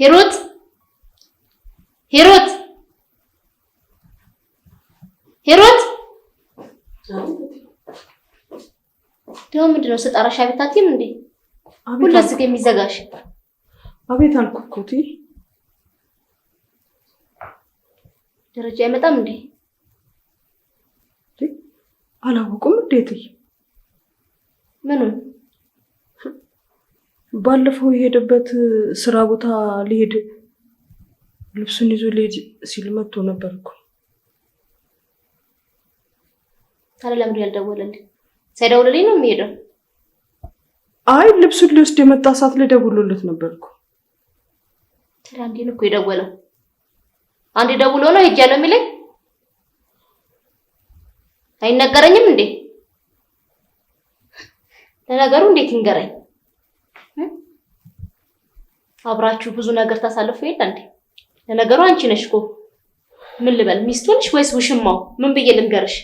ሂሩት ሂሩት ሂሩት ደግሞ ምንድን ነው ስጠራሽ? አቤት አትይም እንዴ? ሁሉ ስገ የሚዘጋሽ አቤት አልኩህ እኮ እቴ። ደረጃ አይመጣም እንዴ? አላወቁም እንዴት? ምኑን ባለፈው የሄደበት ስራ ቦታ ሊሄድ ልብሱን ይዞ ሊሄድ ሲል መጥቶ ነበር እኮ። ታዲያ ለምንድን ነው ያልደወለልኝ? ሳይደውልልኝ ነው የሚሄደው? አይ ልብሱን ሊወስድ የመጣ ሰዓት ላይ ደውሎለት ነበር እኮ። ታዲያ እንዴት ነው እኮ የደወለው? አንዴ ደውሎ ነው ነው የሚለኝ? አይነገረኝም እንዴ? ለነገሩ እንዴት ይንገረኝ? አብራችሁ ብዙ ነገር ታሳልፉ የለ እንዴ? ለነገሩ አንቺ ነሽ እኮ ምን ልበል ሚስቱ ነሽ ወይስ ውሽማው? ምን ብዬ ልንገርሽ?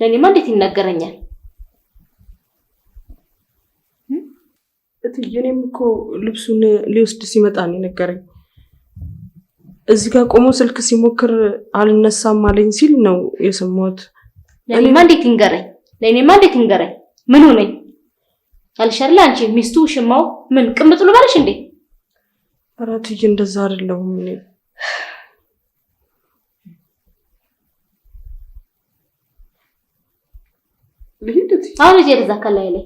ለእኔማ እንዴት ይነገረኛል? እትዬ እኔም እኮ ልብሱን ሊወስድ ሲመጣ ነው የነገረኝ። እዚህ ጋር ቆሞ ስልክ ሲሞክር አልነሳም አለኝ ሲል ነው የሰማሁት። ለእኔማ እንዴት ይንገረኝ? ለእኔማ እንዴት ይንገረኝ? ምን ሆነኝ አልሻላ አንቺ ሚስቱ ውሽማው ምን ቅምጥሉ ባለሽ እንዴ? ኧረ እትዬ እንደዛ አይደለሁም እኔ አሁን ልጄ ከላይ ላይ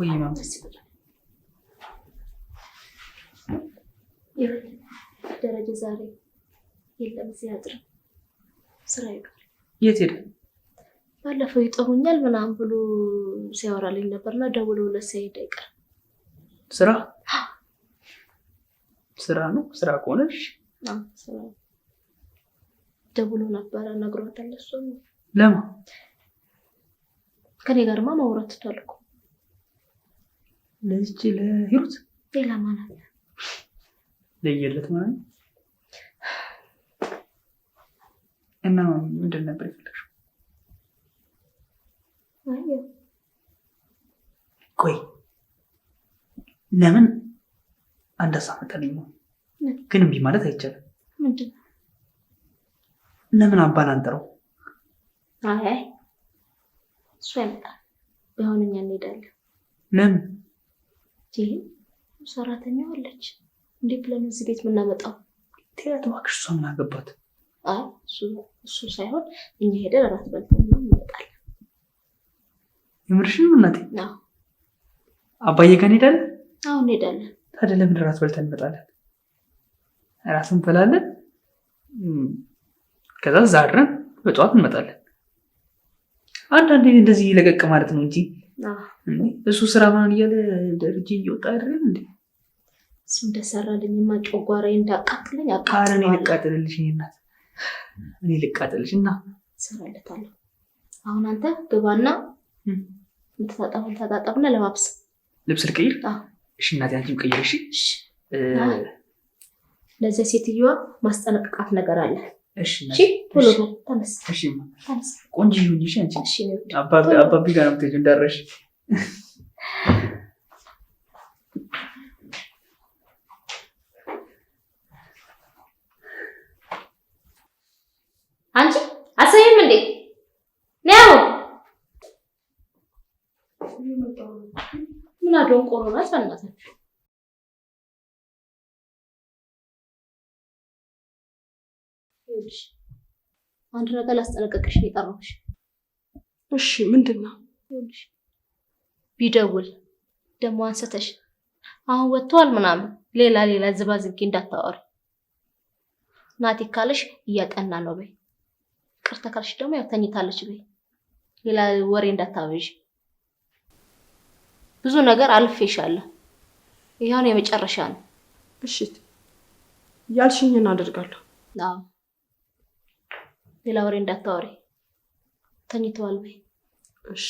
ወይ ማምስ ደረጀ ዛሬ የለም እዚህ አጥርም ስራ ይቀር የት ሄደ? ባለፈው ይጠሩኛል ምናምን ብሎ ሲያወራልኝ ነበርና ደውሎ ሁለት ሳይሄድ አይቀርም። ስራ ስራ ነው ስራ ከሆነሽ ደውሎ ነበረ ነግሯታል። ለማ ከኔ ጋርማ ማውራት ትቷል እኮ ለዚች ለሂሩት ሌላ ማለት ለየለት ማለት እና ምንድን ነበር የፈለግሽው? ቆይ ለምን አንድ ሀሳብ መጣልኝ። ግን እምቢ ማለት አይቻልም። ለምን አባን አንጠረው? አይ እሱ አይመጣም። ቢሆንም ያን እንሄዳለን። ለምን ይህ ሰራተኛ አለች እንዴ? ለምን እዚህ ቤት የምናመጣው? ቴላት እባክሽ፣ እሷ ምን አገባት? አይ እሱ ሳይሆን እኛ ሄደን እራት በልተን ነው እንመጣለን። የምርሽን እናቴ? አባዬ ጋር እንሄዳለን? አሁን እንሄዳለን። ታዲያ ለምን እራት በልተን እንመጣለን? እራት እንበላለን፣ ከዛ ዛድረን በጠዋት እንመጣለን። አንዳንዴ እንደዚህ ለቀቅ ማለት ነው እንጂ እሱ ስራ ማን እያለ ደርጅ እየወጣ አይደለም እንዴ? እሱ እንደሰራልኝ ማ ጨጓራዬ እንዳቃጥለኝ አቃረ እኔ ልቃጥልልሽ፣ ናት እኔ ልቃጥልሽ እና ሰራለታለሁ። አሁን አንተ ግባና ምትታጠፈን ታጣጠፍና ለማብስ ልብስ ልቀይር። እሺ እናቴ፣ አንቺም ቀይር። እሺ ለዚያ ሴትዮዋ ማስጠነቅቃት ነገር አለ ቆንጆ አባቢ ጋር ነው የምትሄጂው እንዳትረሺ። አንቺ አሰይም እንዴ ነው ምን አድሮን ቆሎ በእናታችሁ ይኸውልሽ አንድ ነገር ላስጠነቀቅሽ ነው የጠራሁሽ። እሺ ምንድን ነው? ይኸውልሽ ቢደውል ደግሞ አንስተሽ አሁን ወጥተዋል ምናምን ሌላ ሌላ ዝባዝጌ እንዳታወሪ። ናቲ ካለሽ እያጠና ነው በይ፣ ቅርታ ካልሽ ደግሞ ያው ተኝታለች በይ። ሌላ ወሬ እንዳታበዥ። ብዙ ነገር አልፌሻለሁ። ይሄውን የመጨረሻ ነው። እሺ ያልሽኝን አደርጋለሁ። አዎ ሌላ ወሬ እንዳታወሪ ተኝተዋል ወይ? እሺ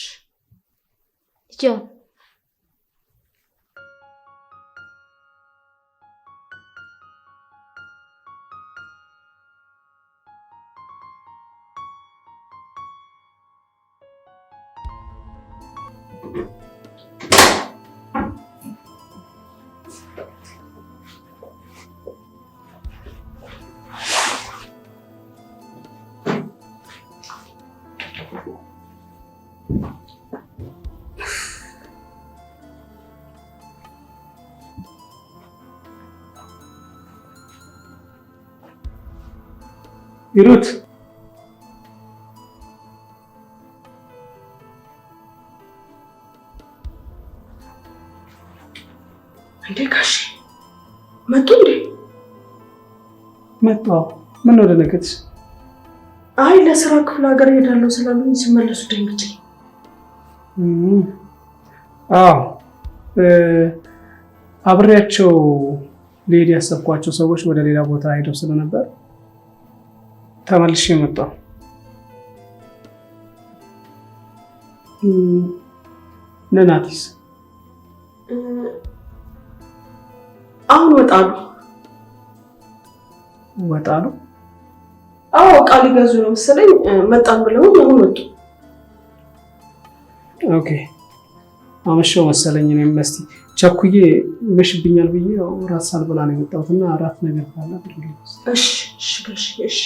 ሂሩት እንዴ ጋሽ መጡ እንዴ? መጡ። ምን ነው ደነገጥሽ? አይ ለስራ ክፍለ ሀገር እሄዳለሁ ስላሉኝ ሲመለሱ ደንግጬ። አዎ አብሬያቸው ልሄድ ያሰብኳቸው ሰዎች ወደ ሌላ ቦታ ሄደው ስለነበር ተመልሼ መጣሁ። ነናቲስ አሁን ወጣሉ ወጣሉ? አዎ እቃ ሊገዙ ነው መሰለኝ። መጣን ብለው አሁን ወጡ። ኦኬ አመሻው መሰለኝ። እኔም መስቲ ቸኩዬ መሽብኛል ብዬ ራት ሳልበላ ነው የመጣሁት እና ራት ነገር ካለ እሺ እሺ እሺ እሺ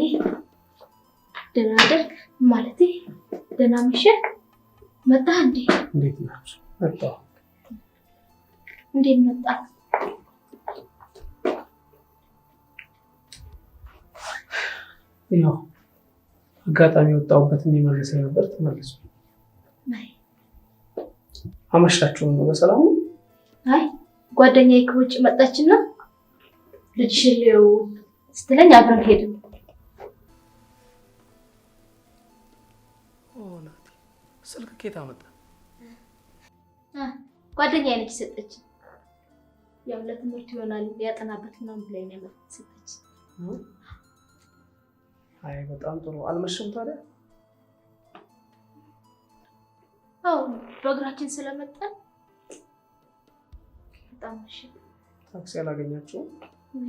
ያኔ ደህና አደርግ ማለት ደህና መሸህ መጣ እንዴ? እንዴት ናችሁ? መጣ እንዴት መጣ? ያው አጋጣሚ ወጣሁበት የሚመልስ ነበር ተመልሶ አመሻችሁም ነው በሰላም አይ ጓደኛዬ ከውጭ መጣችና ልጅሽን ስትለኝ አብረን ሄድን ኬት አመጣ? ጓደኛ ነች ሰጠች። ያው ለትምህርት ይሆናል ያጠናበት ምናምን ብላኝ ነው የሰጠች። አይ በጣም ጥሩ። አልመሸም ታዲያ? አዎ በእግራችን ስለመጣን በጣም መሸ። ታክሲ አላገኛችሁም?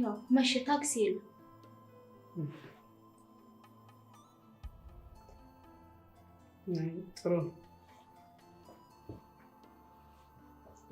ያው መሸ፣ ታክሲ የለም። ጥሩ ነው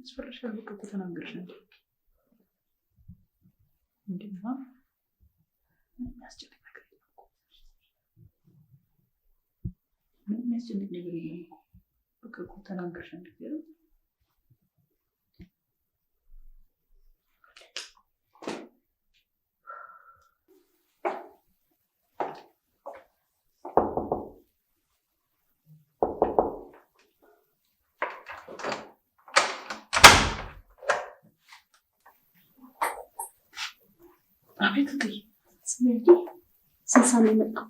ያስፈራሻል። በቃ እኮ ተናገርሽ ነበር። እንዴማ የሚያስጨንቅ ነገር የለም እኮ ምንም ነገር የለም እኮ በቃ እኮ ተናገርሽ ነበር። ስንት ሰዓት ነው የመጣው?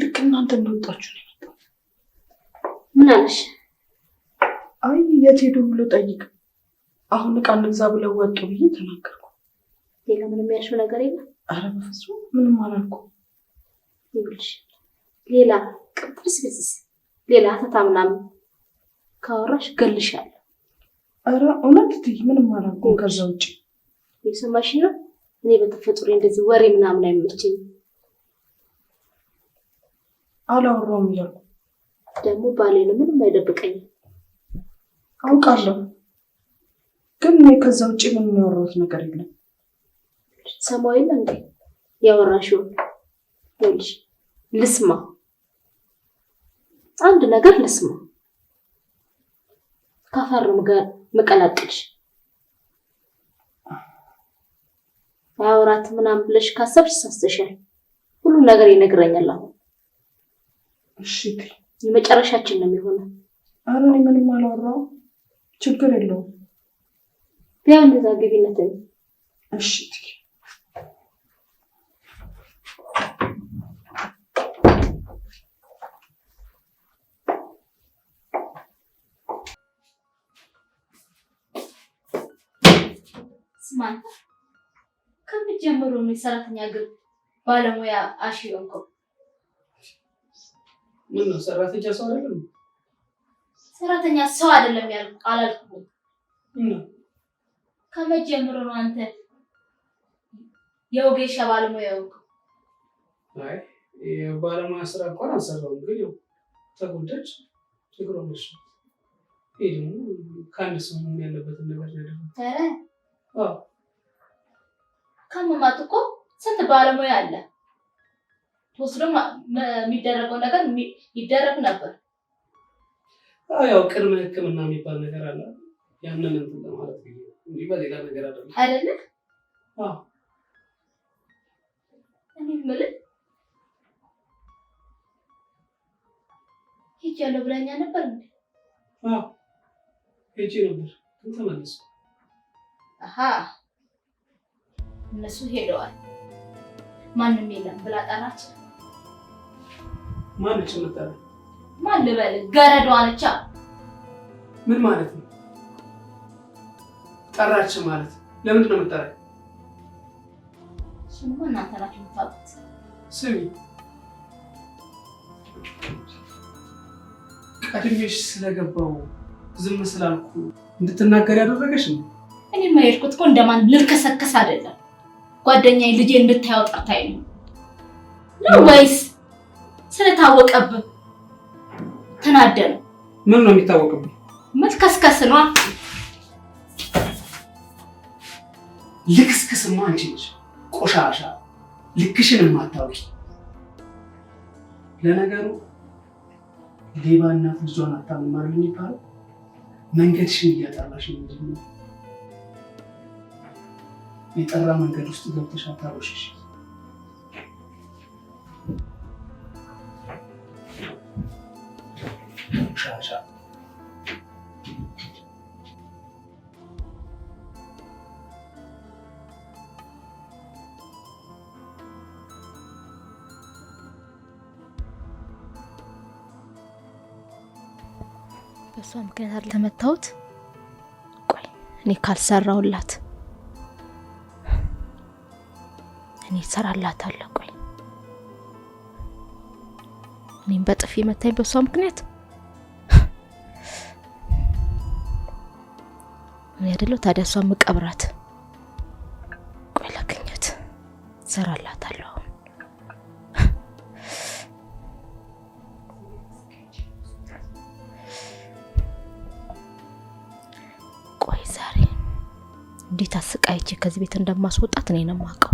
ልክ እናንተ እንደወጣችሁ ነው የመጣው። ምን አለሽ? አይ የት ሄዱ ብሎ ጠይቅ። አሁን እቃ እንግዛ ብለው ወጡ ብዬ ተናገርኩ። ሌላ ምንም ያልሽው ነገር የለም? አረ በፍጹም ምንም አላልኩም። ይኸውልሽ ሌላ ቅጥርስ ብጽስ ሌላ አተታ ምናምን ካወራሽ ገልሻለሁ። አረ እውነት እትዬ ምንም አላልኩም ከዛ ውጭ የሰማሽ ነው። እኔ በተፈጥሮ እንደዚህ ወሬ ምናምን አይመችኝ። አላወራውም እያልኩ ደግሞ ባሌን ምንም አይደብቀኝም። አውቃለሁ፣ ግን እኔ ከዛ ውጭ ምን ያወራሁት ነገር የለም። ሰማዊ ነው እንዴ ያወራሽው? ልጅ ልስማ፣ አንድ ነገር ልስማ። ካፈርም ጋር መቀላቀልሽ አያወራት ምናምን ብለሽ ካሰብሽ ሳስተሻል። ሁሉም ነገር ይነግረኛል። አሁን እሺ፣ የመጨረሻችን ነው የሚሆነው። አረ እኔ ምንም አላወራሁም። ችግር የለውም። ቢያው እንደዛ ግቢነት እሺ ስማ ከምን ጀምሮ ነው የሰራተኛ ግብ ባለሙያ አሽ የሆንከው? ምን ነው ሰራተኛ ሰው አይደለም? ሰራተኛ ሰው አይደለም ያል አላልኩ። ከምን ጀምሮ ነው አንተ የወጌሻ ባለሙያ የሆንከው? አይ የባለሙያ ስራ እንኳን አልሰራሁም፣ ግን ያው ተጎዳች ችግሮ ነሽ። ይሄ ደግሞ ከአንድ ሰው ያለበትን ነገር ያደረ ካመማት እኮ ስንት ባለሙያ አለ። ወስዶ የሚደረገው ነገር ይደረግ ነበር። ያው ቅድመ ህክምና የሚባል ነገር አለ። ያንን እንትን ለማለት እንጂ በሌላ ነገር አይደለም አይደለ? እኔ የምልህ ሂጅ ያለው ብለኛ ነበር እንዴ? ሂጅ ነበር ተመለስኩ። እነሱ ሄደዋል፣ ማንም የለም ብላ ጠራች። ማነች የምጠራ? ማን ልበል? ገረዶ አለቻ። ምን ማለት ነው? ጠራች ማለት ለምንድን ነው የምጠራ? ስሙ እናንተ ናችሁ የምታውቁት። ስሚ ቀድሜሽ ስለገባው ዝም ስላልኩ እንድትናገር ያደረገሽ ነው። እኔ የሄድኩት እኮ እንደማን ልልከሰከስ አይደለም ጓደኛዬ ልጄ እንድታየው ጠርታኝ ነው ወይስ ስለታወቀብህ ተናደህ ነው? ምን ነው የሚታወቅብህ? ምትከስከስ ነው። ልክስክስማ አንቺ ነሽ፣ ቆሻሻ ልክሽን የማታውቂ። ለነገሩ ሌባ እናት ልጇን አታምማል የሚባለው መንገድሽን እያጠራሽ ነው። የጠራ መንገድ ውስጥ ገብተሽ አታቆሽሽ። በእሷ ምክንያት አልተመታሁት። ቆይ እኔ ካልሰራሁላት እኔ ሰራላት ቆይ እኔም በጥፊ መታኝ በሷ ምክንያት። እኔ አይደለሁ ታዲያ እሷ መቀብራት። ቆይ ላገኛት፣ እሰራላታለሁ። አሁን ቆይ ዛሬ እንዴት አስቃይቼ ከዚህ ቤት እንደማስወጣት እኔ ነው የማውቀው።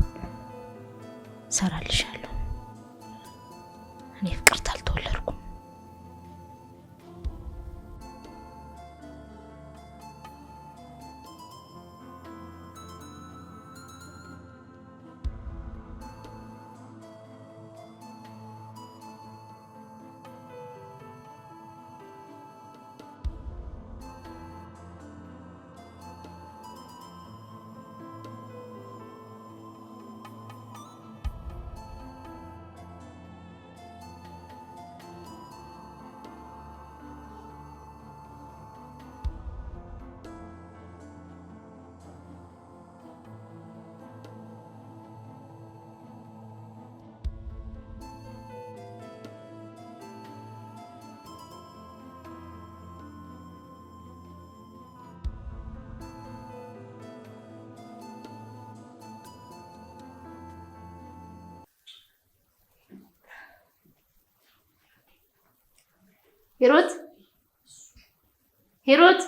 ሂሩት ሂሩት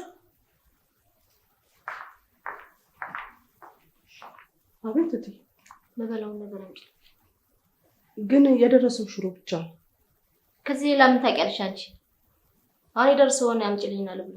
አቤት እቴ። መበላውን ነገር አንቺ ግን የደረሰው ሽሮ ብቻ ነው። ከዚህ ሌላ ምን ታውቂያለሽ አንቺ? አሁን የደረሰውን ያምጪልኝ አለ ብሎ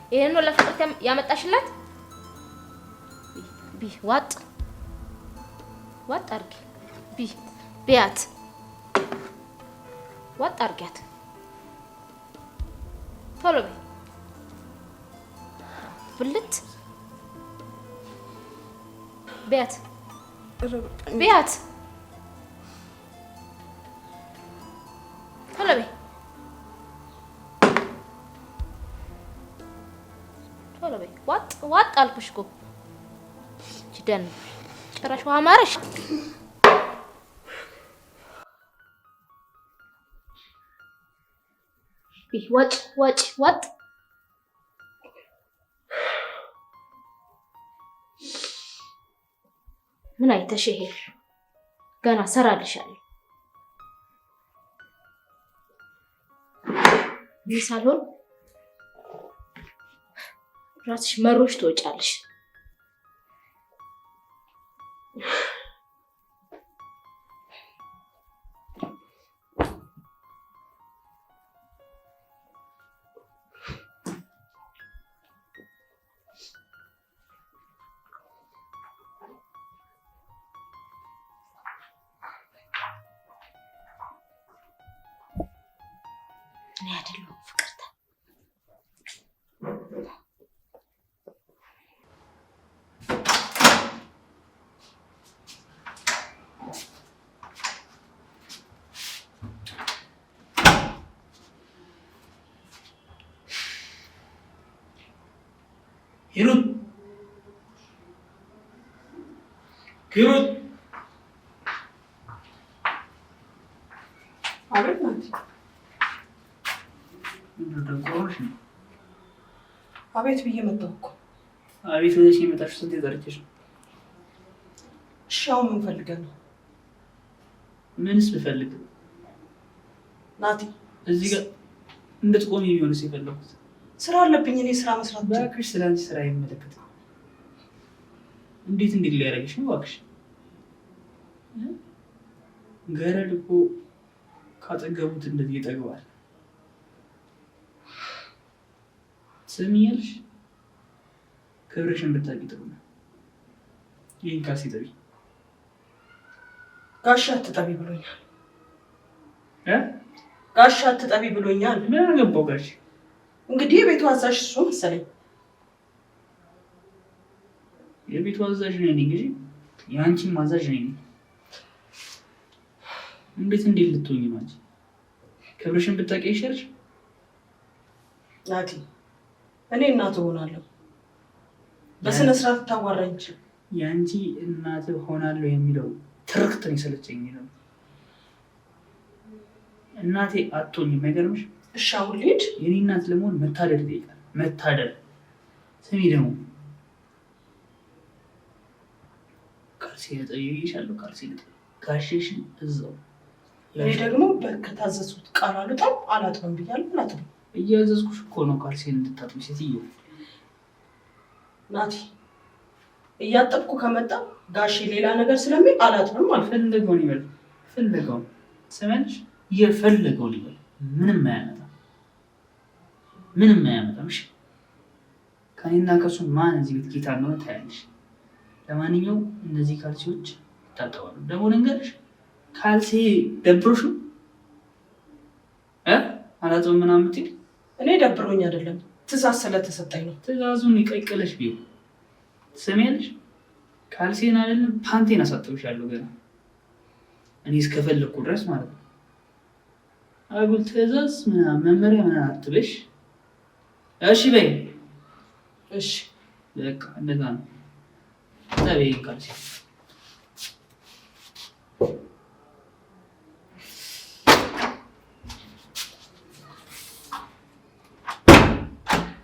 ይሄን ነው ለፍቅር ያመጣሽላት? ቢ ዋጥ ዋጥ አድርጊ። ቢ ቢያት ዋጥ አድርጊያት። ቶሎ በይ ብልት ቢያት ቢያት ዋጥ ዋጥ አልኩሽ እኮ ደንብሽ ጭራሽ ውሃ ማረሽ። ዋጭ ወጭ ወጥ ምን አይተሽ ይሄ ገና ሰራልሻለሁ። ይህ ሳልሆን ራስሽ መሮሽ ትወጫለሽ። እኔ አይደለሁም ፍቅርተ ሂሩት ሂሩት አቤት ብዬ መጣሁ እኮ። አቤት ሆነሽ የመጣሽ ስንት የጠርችሽ ነው? ምን ፈልገህ ነው? ምንስ ብፈልግ ናቲ እዚህ ጋር እንድትቆሚ የሚሆንስ የፈለኩት ስራ አለብኝ እኔ ስራ መስራት ባክሽ። ስለዚህ ስራ የሚመለከት እንዴት እንዴት ሊያደርግሽ ነው ባክሽ? ገረድ እኮ ካጠገቡት እንደዚህ ይጠግባል። ስሚያልሽ ክብርሽን ብታውቂ ጥሩ ነው። ይህን ካልሲ ጠቢ ጋሻ አትጠቢ ብሎኛል። ጋሻ አትጠቢ ብሎኛል። ምን አገባው ጋሽ እንግዲህ የቤቱ አዛዥ እሱ መሰለኝ። የቤቱ አዛዥ ነኝ እንግዲህ የአንቺም ማዛዥ ነኝ። እንዴት እንዴት ልትሆኝ ነው ክብርሽን ብታውቂ ይሻልሽ ናቲ። እኔ እናት ሆናለሁ፣ በስነ ስርዓት ታዋራኝ የአንቺ እናት ሆናለሁ የሚለው ትርክት ነው የሰለቸኝ። እናቴ አትሆኝም አይገርምሽ? እሺ አሁን ልሂድ። የኔ እናት ለመሆን መታደል ይጠይቃል። መታደል ስሚ ደግሞ ካልሲ እጠይቅሻለሁ። ካልሲ ጋሼሽን እዛው እኔ ደግሞ ከታዘዝኩት ቃል አልወጣም አላጥብም ብያለሁ። አላጥብም እያዘዝኩሽ እኮ ነው ካልሲን እንድታጥቢ ሴትዮ ናቲ። እያጠብኩ ከመጣ ጋሼ ሌላ ነገር ስለሚል አላጥብም። አልፈልገውን ይበል፣ ፈልገውን ስመንሽ የፈልገውን ይበል። ምንም አያመጣም ምንም አያመጣም። እሺ ከኔና ከሱ ማን እዚህ ቤት ጌታ እንደሆነ ታያለሽ። ለማንኛውም እነዚህ ካልሲዎች ይታጠባሉ። ደግሞ ልንገርሽ፣ ካልሲ ደብሮሽ ነው አላጥብም ምናምን ብትይ፣ እኔ ደብሮኝ አይደለም ትእዛዝ ስለተሰጠኝ ነው። ትእዛዙን ይቀቅለሽ ቢሆን ትሰሚያለሽ። ካልሴን አይደለም ፓንቴን አሳጥብሻለሁ ገና እኔ እስከፈለግኩ ድረስ ማለት ነው። አጉል ትእዛዝ መመሪያ ምናምን አትበሽ። እሺ በይ እሺ። በቃ እንደዛ ነው።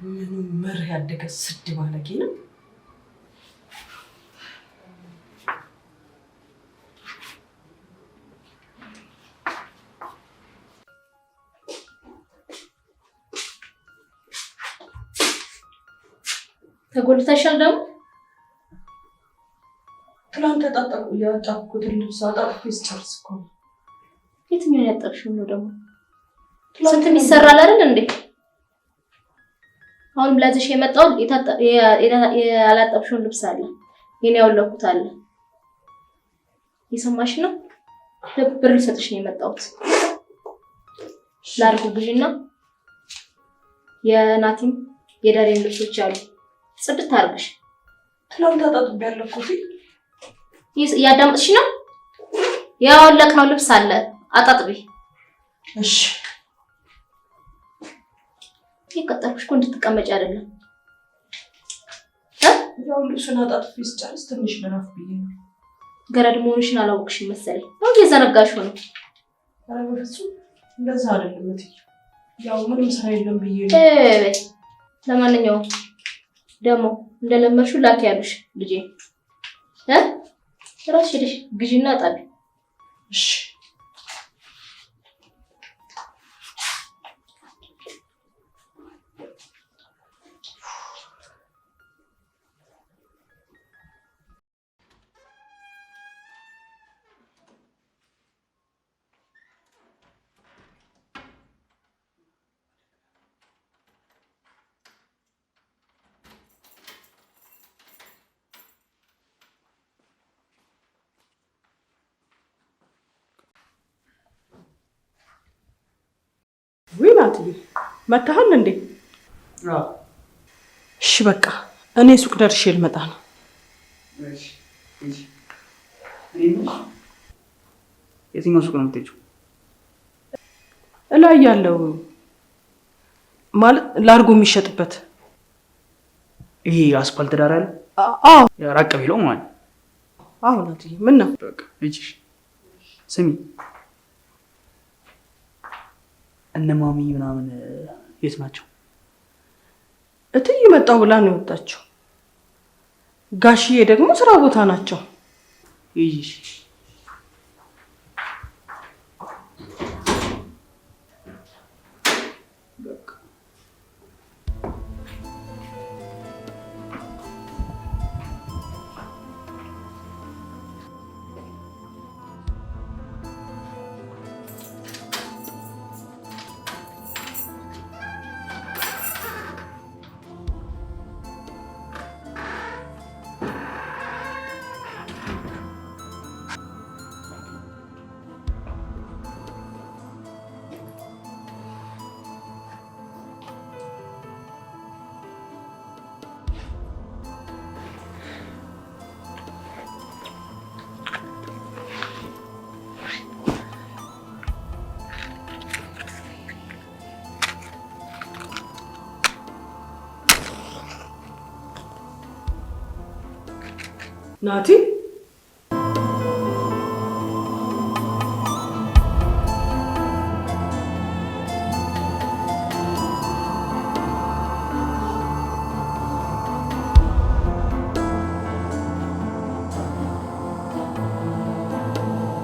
ምኑ መር ያደገ ስድ ባለጌ ነው። ተጎልተሻል ደግሞ ትላንት ተጣጣቁ ያጣኩትን ልብስ አጣጥፌ ስጨርስ እኮ የትኛውን ያጠብሽው ነው ደግሞ? ስንትም ይሰራል አይደል እንዴ? አሁን ብላዝሽ የመጣው ያላጠብሽውን ልብስ አለ፣ የኔ ያወለኩት አለ። የሰማሽ ነው። ብር ልሰጥሽ ነው የመጣሁት። ላርጉ ግዢና የናቲም የዳሬን ልብሶች አሉ ጽድት አድርግሽ። ትናንት አጣጥቤያለሁ እኮ ያዳምጥሽ ነው ያወለቅነው ልብስ አለ አጣጥቤ። እሺ የቀጠርኩሽ እኮ እንድትቀመጪ አይደለም። ያው ልብሱን አጣጥፌ ስጨርስ ትንሽ ምናፍ ብዬ ነው። ገረድ መሆንሽን አላወቅሽም መሰለኝ። ነው እየዘነጋሽው ነው። ኧረ በፍፁም እንደዛ አይደለም። ያው ምንም ስራ የለም ብዬ ነው። ለማንኛውም ደግሞ እንደለመድሽው ላኪ ያሉሽ ልጄ እ እራስሽ ሄደሽ ግዢና ጣቢ። እሺ መታሃል እንዴ? እሺ በቃ እኔ ሱቅ ደርሼ ልመጣ ነው። የትኛው ሱቅ ነው የምትሄጂው? እላይ ያለው ማለት ላርጎ የሚሸጥበት ይሄ አስፋልት ዳር አለ። አዎ ራቅ ቢለው ማለት አሁን ምን ነው ስሚ እነማሚ ምናምን ቤት ናቸው። እትዬ መጣሁ ብላ ነው የወጣችው። ጋሽዬ ደግሞ ስራ ቦታ ናቸው። ናቲ